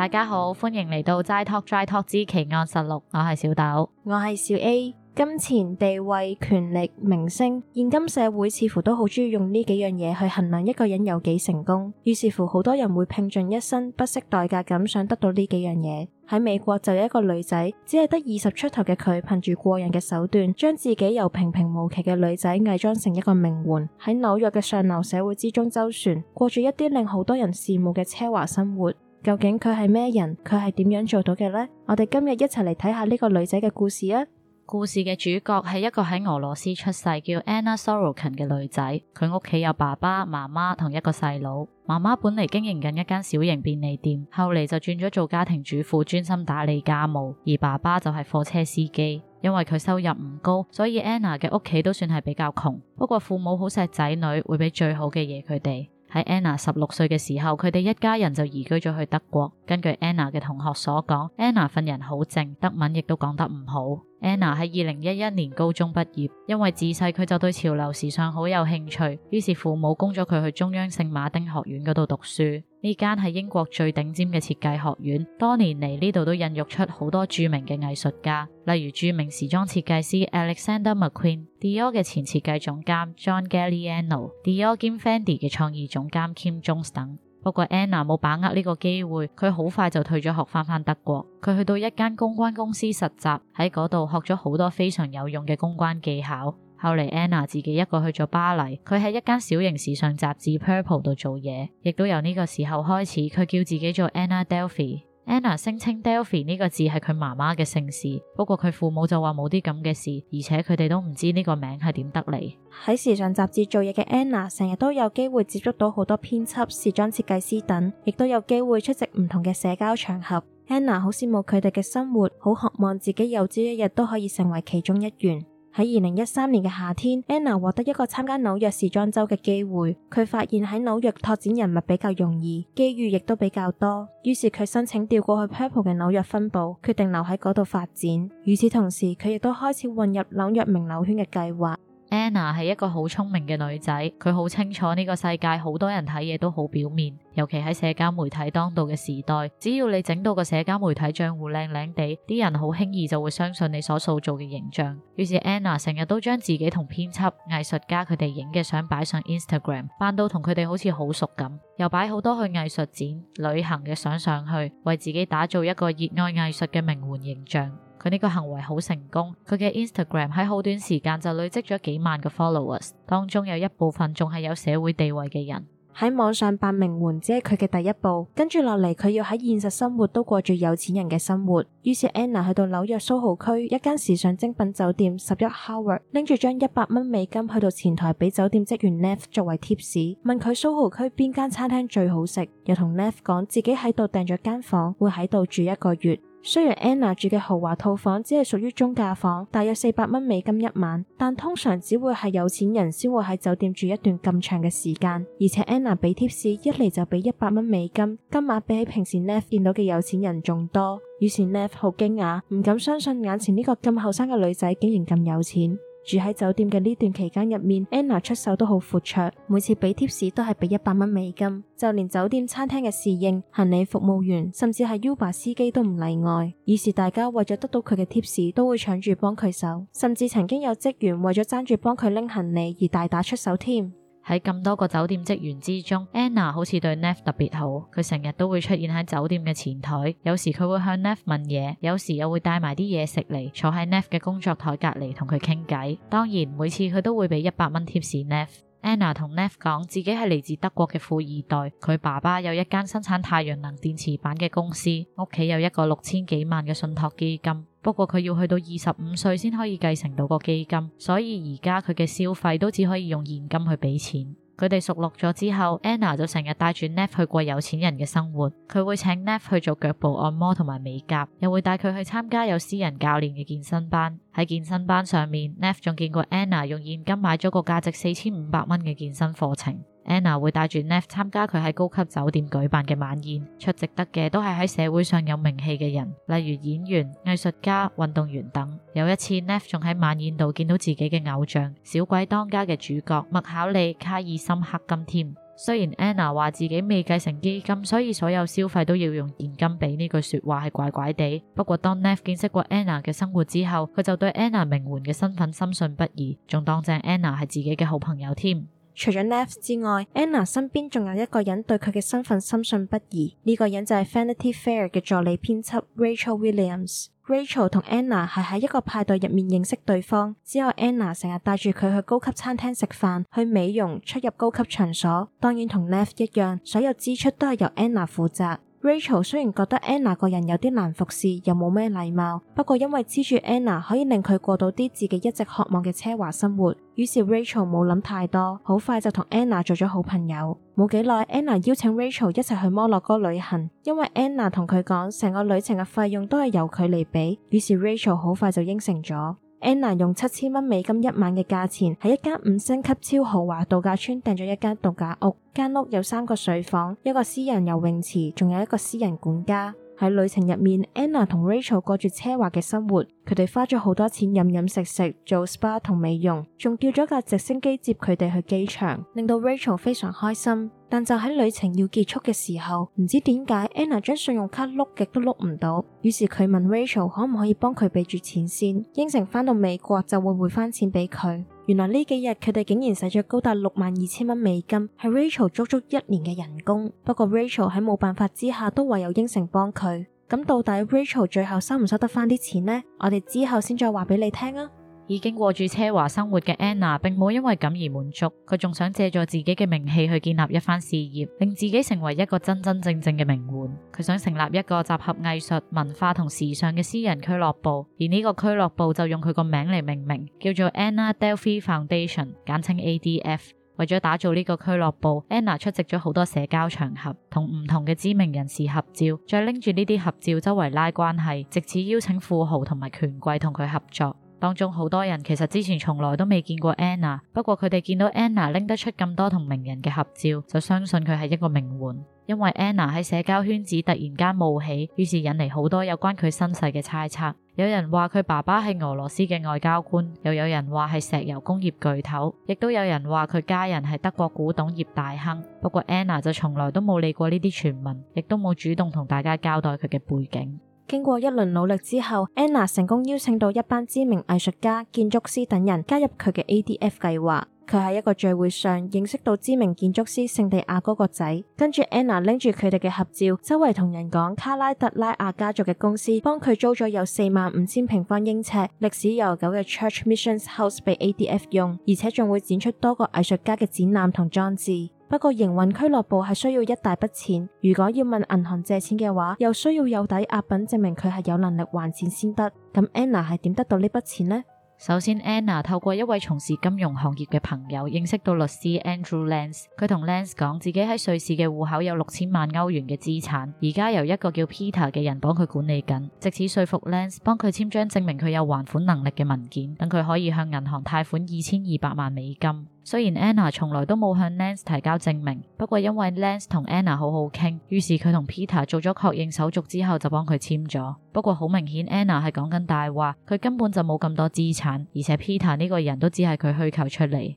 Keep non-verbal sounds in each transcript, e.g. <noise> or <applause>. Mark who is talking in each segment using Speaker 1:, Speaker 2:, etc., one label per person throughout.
Speaker 1: 大家好，歡迎嚟到齋托齋托之奇案實錄，我係小豆，
Speaker 2: 我係小 A。金錢、地位、權力、名聲，現今社會似乎都好中意用呢幾樣嘢去衡量一個人有幾成功。於是乎，好多人會拼盡一生，不惜代價咁想得到呢幾樣嘢。喺美國就有一個女仔，只係得二十出頭嘅佢，憑住過人嘅手段，將自己由平平無奇嘅女仔偽裝成一個名媛，喺紐約嘅上流社會之中周旋，過住一啲令好多人羨慕嘅奢華生活。究竟佢係咩人？佢係點樣做到嘅呢？我哋今日一齊嚟睇下呢個女仔嘅故事啊！故事嘅主角係
Speaker 1: 一個喺俄羅斯出世叫 Anna Sorokin 嘅女仔，佢屋企有爸爸媽媽同一個細佬。媽媽本嚟經營緊一間小型便利店，後嚟就轉咗做家庭主婦，專心打理家務。而爸爸就係貨車司機，因為佢收入唔高，所以 Anna 嘅屋企都算係比較窮。不過父母好錫仔女，會俾最好嘅嘢佢哋。喺 Anna 十六歲嘅時候，佢哋一家人就移居咗去德國。根據 Anna 嘅同學所講，Anna 份人好靜，德文亦都講得唔好。Anna 喺二零一一年高中畢業，因為自細佢就對潮流時尚好有興趣，於是父母供咗佢去中央聖馬丁學院嗰度讀書。呢間係英國最頂尖嘅設計學院，多年嚟呢度都孕育出好多著名嘅藝術家，例如著名時裝設計師 Alexander McQueen、Dior 嘅前設計總監 John Galliano、Dior 兼 Fendi 嘅創意總監 Kim Jones 等。不過 Anna 冇把握呢個機會，佢好快就退咗學，返返德國。佢去到一間公關公司實習，喺嗰度學咗好多非常有用嘅公關技巧。後嚟，Anna 自己一個去咗巴黎，佢喺一間小型時尚雜誌 Purple 度做嘢，亦都由呢個時候開始，佢叫自己做 Anna Delvey。Anna 聲稱 Delvey 呢個字係佢媽媽嘅姓氏，不過佢父母就話冇啲咁嘅事，而且佢哋都唔知呢個名係點得嚟。
Speaker 2: 喺時尚雜誌做嘢嘅 Anna，成日都有機會接觸到好多編輯、時裝設計師等，亦都有機會出席唔同嘅社交場合。Anna 好羨慕佢哋嘅生活，好渴望自己有朝一日都可以成為其中一員。喺二零一三年嘅夏天，Anna 獲得一個參加紐約時裝周嘅機會。佢發現喺紐約拓展人物比較容易，機遇亦都比較多，於是佢申請調過去 Purple 嘅紐約分部，決定留喺嗰度發展。與此同時，佢亦都開始混入紐約名流圈嘅計劃。
Speaker 1: Anna 係一個好聰明嘅女仔，佢好清楚呢個世界好多人睇嘢都好表面，尤其喺社交媒體當道嘅時代，只要你整到個社交媒體賬戶靚靚地，啲人好輕易就會相信你所塑造嘅形象。於是 Anna 成日都將自己同編輯、藝術家佢哋影嘅相擺上 Instagram，扮到同佢哋好似好熟咁，又擺好多去藝術展、旅行嘅相上去，為自己打造一個熱愛藝術嘅名媛形象。佢呢個行為好成功，佢嘅 Instagram 喺好短時間就累積咗幾萬個 followers，當中有一部分仲係有社會地位嘅人。
Speaker 2: 喺網上扮名媛只係佢嘅第一步，跟住落嚟佢要喺現實生活都過住有錢人嘅生活。於是 Anna 去到紐約蘇豪區一間時尚精品酒店十一 Howard，拎住張一百蚊美金去到前台俾酒店職員 Neff 作為貼士，問佢蘇豪區邊間餐廳最好食，又同 Neff 講自己喺度訂咗間房，會喺度住一個月。雖然 Anna 住嘅豪華套房只係屬於中價房，大約四百蚊美金一晚，但通常只會係有錢人先會喺酒店住一段咁長嘅時間。而且 Anna 俾貼士一嚟就俾一百蚊美金，金額比起平時 Neff 見到嘅有錢人仲多。於是 Neff 好驚訝，唔敢相信眼前呢個咁後生嘅女仔竟然咁有錢。住喺酒店嘅呢段期間入面，Anna 出手都好闊綽，每次俾貼士都係俾一百蚊美金，就連酒店餐廳嘅侍應、行李服務員，甚至係 Uber 司機都唔例外。於是大家為咗得到佢嘅貼士，都會搶住幫佢手，甚至曾經有職員為咗爭住幫佢拎行李，而大打出手添。喺咁多個酒
Speaker 1: 店職員之中，Anna 好似對 Neff 特別好。佢成日都會出現喺酒店嘅前台，有時佢會向 Neff 問嘢，有時又會帶埋啲嘢食嚟，坐喺 Neff 嘅工作台隔籬同佢傾偈。當然，每次佢都會俾一百蚊貼士 Neff Anna 同 Neff 講自己係嚟自德國嘅富二代，佢爸爸有一間生產太陽能電池板嘅公司，屋企有一個六千幾萬嘅信託基金，不過佢要去到二十五歲先可以繼承到個基金，所以而家佢嘅消費都只可以用現金去俾錢。佢哋熟絡咗之後，Anna 就成日帶住 Neph 去過有錢人嘅生活。佢會請 Neph 去做腳部按摩同埋美甲，又會帶佢去參加有私人教練嘅健身班。喺健身班上面，Neph 仲見過 Anna 用現金買咗個價值四千五百蚊嘅健身課程。Anna 會帶住 Neff 參加佢喺高級酒店舉辦嘅晚宴，出席得嘅都係喺社會上有名氣嘅人，例如演員、藝術家、運動員等。有一次，Neff 仲喺晚宴度見到自己嘅偶像《小鬼當家》嘅主角麥考利·卡爾森克金添。雖然 Anna 話自己未繼承基金，所以所有消費都要用現金俾。呢句說話係怪怪地。不過當 Neff 見識過 Anna 嘅生活之後，佢就對 Anna 名媛嘅身份深信不疑，仲當正 Anna 係自己嘅好朋友添。
Speaker 2: 除咗 Neff 之外，Anna 身邊仲有一個人對佢嘅身份深信不疑。呢、呢個人就係《Vanity Fair》嘅助理編輯 Rachel Williams。Rachel 同 Anna 係喺一個派對入面認識對方，之後 Anna 成日帶住佢去高級餐廳食飯，去美容，出入高級場所。當然同 Neff 一樣，所有支出都係由 Anna 負責。Rachel 雖然覺得 Anna 個人有啲難服侍，又冇咩禮貌，不過因為黐住 Anna 可以令佢過到啲自己一直渴望嘅奢華生活，於是 Rachel 冇諗太多，好快就同 Anna 做咗好朋友。冇幾耐，Anna 邀請 Rachel 一齊去摩洛哥旅行，因為 Anna 同佢講，成個旅程嘅費用都係由佢嚟俾，於是 Rachel 好快就應承咗。Anna 用七千蚊美金一晚嘅價錢，喺一間五星級超豪華度假村訂咗一間度假屋，間屋有三個水房，一個私人游泳池，仲有一個私人管家。喺旅程入面，Anna 同 Rachel 過住奢華嘅生活，佢哋花咗好多錢飲飲食食，做 spa 同美容，仲叫咗架直升機接佢哋去機場，令到 Rachel 非常開心。但就喺旅程要結束嘅時候，唔知點解 Anna 將信用卡碌極都碌唔到，於是佢問 Rachel 可唔可以幫佢俾住錢先，應承返到美國就會匯翻錢俾佢。原來呢幾日佢哋竟然使咗高達六萬二千蚊美金，係 Rachel 足足一年嘅人工。不過 Rachel 喺冇辦法之下，都唯有應承幫佢。咁到底 Rachel 最後收唔收得返啲錢呢？我哋之後先再話俾你聽啊！
Speaker 1: 已經過住奢華生活嘅 Anna，並冇因為咁而滿足，佢仲想借助自己嘅名氣去建立一番事業，令自己成為一個真真正正嘅名媛。佢想成立一個集合藝術、文化同時尚嘅私人俱樂部，而呢個俱樂部就用佢個名嚟命名，叫做 Anna Delvey Foundation，簡稱 ADF。為咗打造呢個俱樂部，Anna 出席咗好多社交場合，同唔同嘅知名人士合照，再拎住呢啲合照周圍拉關係，直至邀請富豪同埋權貴同佢合作。當中好多人其實之前從來都未見過 Anna，不過佢哋見到 Anna 拎得出咁多同名人嘅合照，就相信佢係一個名媛。因為 Anna 喺社交圈子突然間冒起，於是引嚟好多有關佢身世嘅猜測。有人話佢爸爸係俄羅斯嘅外交官，又有人話係石油工業巨頭，亦都有人話佢家人係德國古董業大亨。不過 Anna 就從來都冇理過呢啲傳聞，亦都冇主動同大家交代佢嘅背景。
Speaker 2: 經過一輪努力之後，Anna 成功邀請到一班知名藝術家、建築師等人加入佢嘅 ADF 計劃。佢喺一個聚會上認識到知名建築師聖地亞哥個仔，跟住 Anna 拎住佢哋嘅合照，周圍同人講卡拉特拉亞家族嘅公司幫佢租咗有四萬五千平方英尺、歷史悠久嘅 Church Missions House 俾 ADF 用，而且仲會展出多個藝術家嘅展覽同裝置。不過營運俱樂部係需要一大筆錢，如果要問銀行借錢嘅話，又需要有抵押品證明佢係有能力還錢先得。咁 Anna 係點得到呢筆錢呢？首先，Anna 透
Speaker 1: 過一位從事金融行業嘅朋友，認識到律師 Andrew Lance。佢同 Lance 講自己喺瑞士嘅戶口有六千萬歐元嘅資產，而家由一個叫 Peter 嘅人幫佢管理緊，借此說服 Lance 幫佢簽章證明佢有還款能力嘅文件，等佢可以向銀行貸款二千二百萬美金。雖然 Anna 從來都冇向 Lance 提交證明，不過因為 Lance 同 Anna 好好傾，於是佢同 Peter 做咗確認手續之後就幫佢簽咗。不過好明顯，Anna 係講緊大話，佢根本就冇咁多資產，而且 Peter 呢個人都只係佢虛構出嚟。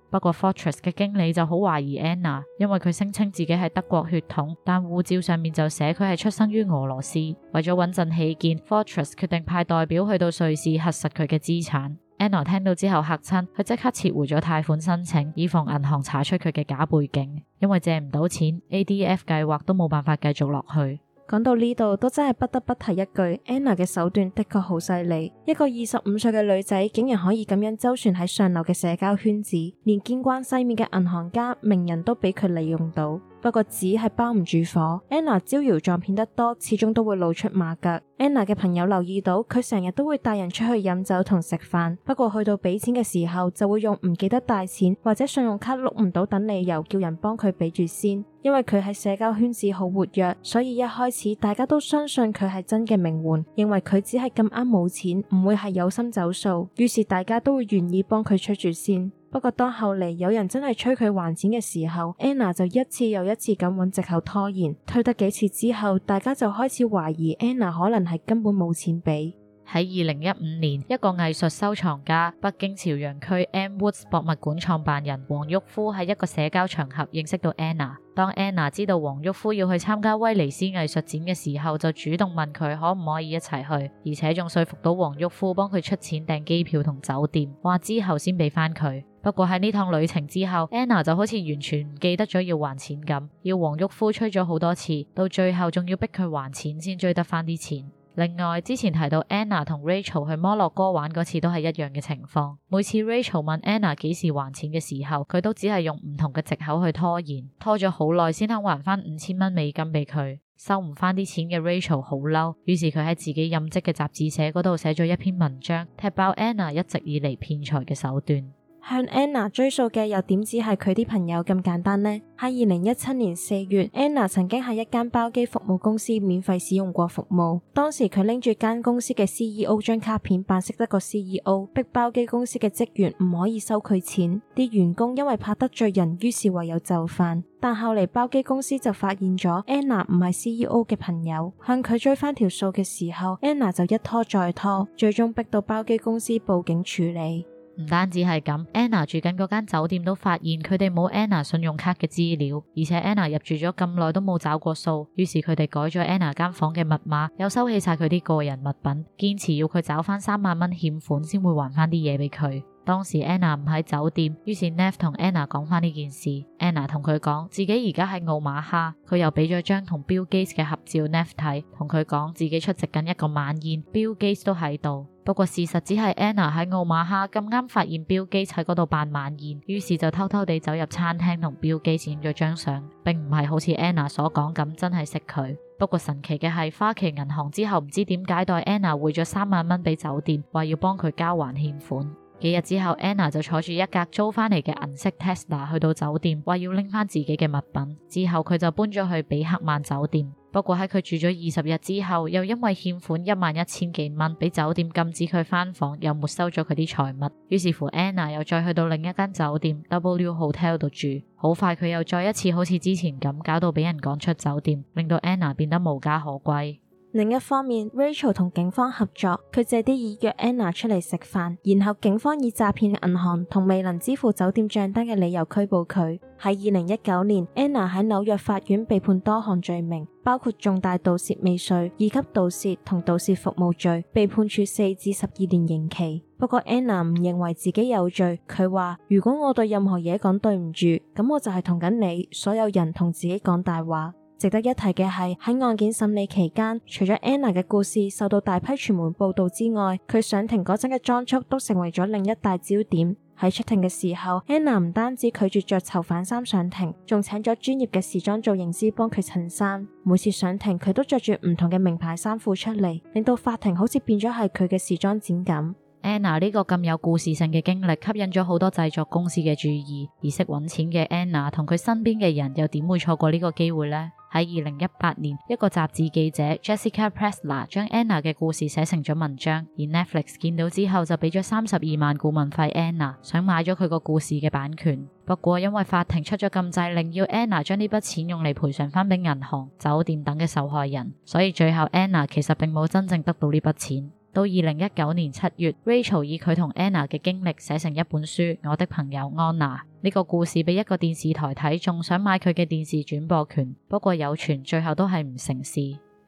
Speaker 1: 不過 Fortress 嘅經理就好懷疑 Anna，因為佢聲稱自己係德國血統，但護照上面就寫佢係出生於俄羅斯。為咗穩陣起見，Fortress 決定派代表去到瑞士核實佢嘅資產。Anna 聽到之後嚇親，佢即刻撤回咗貸款申請，以防銀行查出佢嘅假背景。因為借唔到錢，ADF 計劃都冇辦法繼續落去。
Speaker 2: 講到呢度，都真係不得不提一句，Anna 嘅手段的確好犀利。一個二十五歲嘅女仔，竟然可以咁樣周旋喺上流嘅社交圈子，連見慣世面嘅銀行家、名人都俾佢利用到。不過紙係包唔住火，Anna 招搖撞騙得多，始終都會露出馬腳。Anna 嘅朋友留意到，佢成日都會帶人出去飲酒同食飯，不過去到俾錢嘅時候，就會用唔記得帶錢或者信用卡碌唔到等理由，叫人幫佢俾住先。因為佢喺社交圈子好活躍，所以一開始大家都相信佢係真嘅名媛，認為佢只係咁啱冇錢，唔會係有心走數，於是大家都會願意幫佢出住先。不過當後嚟，有人真係催佢還錢嘅時候，Anna 就一次又一次咁揾藉口拖延，推得幾次之後，大家就開始懷疑 Anna 可能係根本冇錢俾。喺二
Speaker 1: 零一五年，一個藝術收藏家、北京朝陽區 M Woods 博物館創辦人黃玉夫喺一個社交場合認識到 Anna。當 Anna 知道黃玉夫要去參加威尼斯藝術展嘅時候，就主動問佢可唔可以一齊去，而且仲說服到黃玉夫幫佢出錢訂機票同酒店，話之後先俾翻佢。不過喺呢趟旅程之後，Anna 就好似完全唔記得咗要還錢咁，要黃玉夫催咗好多次，到最後仲要逼佢還錢先追得翻啲錢。另外，之前提到 Anna 同 Rachel 去摩洛哥玩嗰次都係一樣嘅情況。每次 Rachel 問 Anna 幾時還錢嘅時候，佢都只係用唔同嘅借口去拖延，拖咗好耐先肯還翻五千蚊美金俾佢。收唔翻啲錢嘅 Rachel 好嬲，於是佢喺自己任職嘅雜誌社嗰度寫咗一篇文章，踢爆 Anna 一直以嚟騙財嘅手段。
Speaker 2: 向 Anna 追數嘅又點止係佢啲朋友咁簡單呢？喺二零一七年四月，Anna 曾經喺一間包機服務公司免費使用過服務。當時佢拎住間公司嘅 CEO 張卡片扮識得個 CEO，逼包機公司嘅職員唔可以收佢錢。啲員工因為怕得罪人，於是唯有就範。但後嚟包機公司就發現咗 Anna 唔係 CEO 嘅朋友，向佢追翻條數嘅時候，Anna 就一拖再拖，最終逼到包機公司報警處理。
Speaker 1: 唔單止係咁，Anna 住緊嗰間酒店都發現佢哋冇 Anna 信用卡嘅資料，而且 Anna 入住咗咁耐都冇找過數，於是佢哋改咗 Anna 間房嘅密碼，又收起晒佢啲個人物品，堅持要佢找翻三萬蚊欠款先會還翻啲嘢俾佢。當時 Anna 唔喺酒店，於是 Neff 同 Anna 講翻呢件事。Anna 同佢講自己而家喺奧馬哈，佢又畀咗張同 Bill Gates 嘅合照 Neff 睇，同佢講自己出席緊一個晚宴，Bill Gates 都喺度。不過事實只係 Anna 喺奧馬哈咁啱發現 Bill Gates 喺嗰度辦晚宴，於是就偷偷地走入餐廳同 Bill Gates 影咗張相，並唔係好似 Anna 所講咁真係識佢。不過神奇嘅係，花旗銀行之後唔知點解代 Anna 匯咗三萬蚊俾酒店，話要幫佢交還欠款。幾日之後，Anna 就坐住一架租翻嚟嘅銀色 Tesla 去到酒店，話要拎翻自己嘅物品。之後佢就搬咗去比克曼酒店。不過喺佢住咗二十日之後，又因為欠款一萬一千幾蚊，俾酒店禁止佢返房，又沒收咗佢啲財物。於是乎，Anna 又再去到另一間酒店 W Hotel 度住。好快佢又再一次好似之前咁，搞到俾人趕出酒店，令到 Anna 變得無家可歸。
Speaker 2: 另一方面，Rachel 同警方合作，佢借啲意約 Anna 出嚟食飯，然後警方以詐騙銀行同未能支付酒店賬單嘅理由拘捕佢。喺二零一九年，Anna 喺紐約法院被判多項罪名，包括重大盜竊未遂、二級盜竊同盜竊服務罪，被判處四至十二年刑期。不過 Anna 唔認為自己有罪，佢話：如果我對任何嘢講對唔住，咁我就係同緊你，所有人同自己講大話。值得一提嘅係喺案件審理期間，除咗 Anna 嘅故事受到大批傳媒報道之外，佢上庭嗰陣嘅裝束都成為咗另一大焦點。喺出庭嘅時候，Anna 唔單止拒絕着着囚犯衫上庭，仲請咗專業嘅時裝造型師幫佢襯衫。每次上庭佢都着住唔同嘅名牌衫褲出嚟，令到法庭好似變咗係佢嘅時裝展咁。
Speaker 1: Anna 呢個咁有故事性嘅經歷吸引咗好多製作公司嘅注意，而識揾錢嘅 Anna 同佢身邊嘅人又點會錯過呢個機會呢？喺二零一八年，一個雜誌記者 Jessica Pressler 將 Anna 嘅故事寫成咗文章，而 Netflix 見到之後就俾咗三十二萬顧問費 Anna，想買咗佢個故事嘅版權。不過因為法庭出咗禁制令，要 Anna 將呢筆錢用嚟賠償返俾銀行、酒店等嘅受害人，所以最後 Anna 其實並冇真正得到呢筆錢。到二零一九年七月，Rachel 以佢同 Anna 嘅經歷寫成一本書《我的朋友安娜》。呢、這個故事俾一個電視台睇，仲想買佢嘅電視轉播權，不過有傳最後都係唔成事。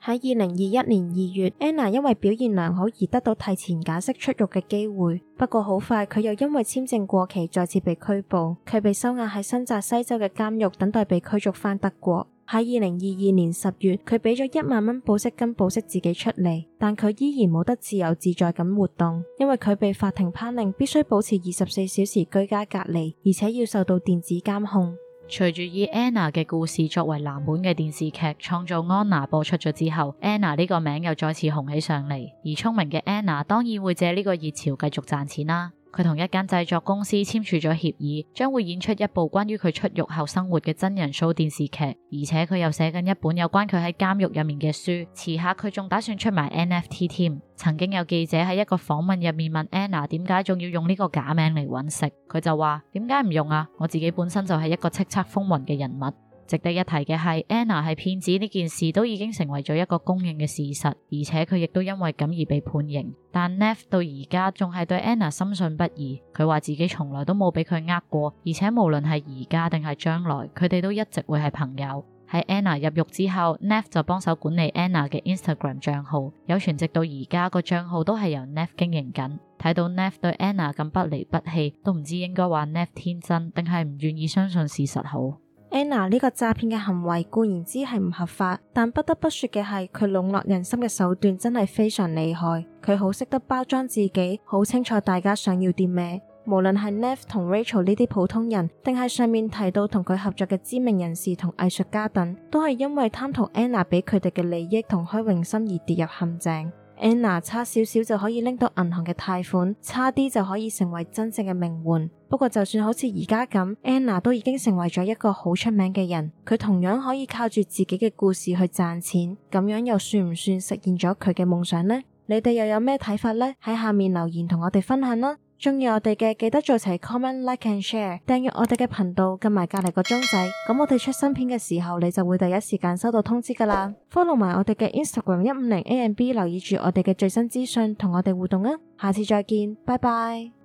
Speaker 2: 喺二零二一年二月，Anna 因為表現良好而得到提前假釋出獄嘅機會，不過好快佢又因為簽證過期再次被拘捕，佢被收押喺新澤西州嘅監獄，等待被驅逐返德國。喺二零二二年十月，佢俾咗一萬蚊保釋金保釋自己出嚟，但佢依然冇得自由自在咁活動，因為佢被法庭判令必須保持二十四小時居家隔離，而且要受到電子監控。
Speaker 1: 隨住以 Anna 嘅故事作為藍本嘅電視劇《創造安娜》播出咗之後，Anna 呢個名又再次紅起上嚟，而聰明嘅 Anna 當然會借呢個熱潮繼續賺錢啦。佢同一間製作公司簽署咗協議，將會演出一部關於佢出獄後生活嘅真人 show 電視劇，而且佢又寫緊一本有關佢喺監獄入面嘅書，遲下佢仲打算出埋 NFT 添。曾經有記者喺一個訪問入面問 Anna 點解仲要用呢個假名嚟揾食，佢就話點解唔用啊？我自己本身就係一個叱咤風雲嘅人物。值得一提嘅係，Anna 係騙子呢件事都已經成為咗一個公認嘅事實，而且佢亦都因為咁而被判刑。但 Neff 到而家仲係對 Anna 深信不疑，佢話自己從來都冇俾佢呃過，而且無論係而家定係將來，佢哋都一直會係朋友。喺 Anna 入獄之後，Neff 就幫手管理 Anna 嘅 Instagram 賬號，有傳直到而家個賬號都係由 Neff 經營緊。睇到 Neff 對 Anna 咁不離不棄，都唔知應該話 Neff 天真，定係唔願意相信事實好。
Speaker 2: Anna 呢個詐騙嘅行為固然之係唔合法，但不得不說嘅係佢籠絡人心嘅手段真係非常厲害。佢好識得包裝自己，好清楚大家想要啲咩。無論係 Neff 同 Rachel 呢啲普通人，定係上面提到同佢合作嘅知名人士同藝術家等，都係因為貪圖 Anna 俾佢哋嘅利益同虛榮心而跌入陷阱。Anna 差少少就可以拎到銀行嘅貸款，差啲就可以成為真正嘅名媛。不過就算好似而家咁，Anna 都已經成為咗一個好出名嘅人，佢同樣可以靠住自己嘅故事去賺錢。咁樣又算唔算實現咗佢嘅夢想呢？你哋又有咩睇法呢？喺下面留言同我哋分享啦！中意我哋嘅記得做齊 comment like and share 訂閱我哋嘅頻道，撳埋隔籬個鐘仔，咁我哋出新片嘅時候，你就會第一時間收到通知㗎喇。 <noise> follow 埋我哋嘅 instagram 一五零 a m b，留意住我哋嘅最新資訊，同我哋互動啊！下次再見，拜拜。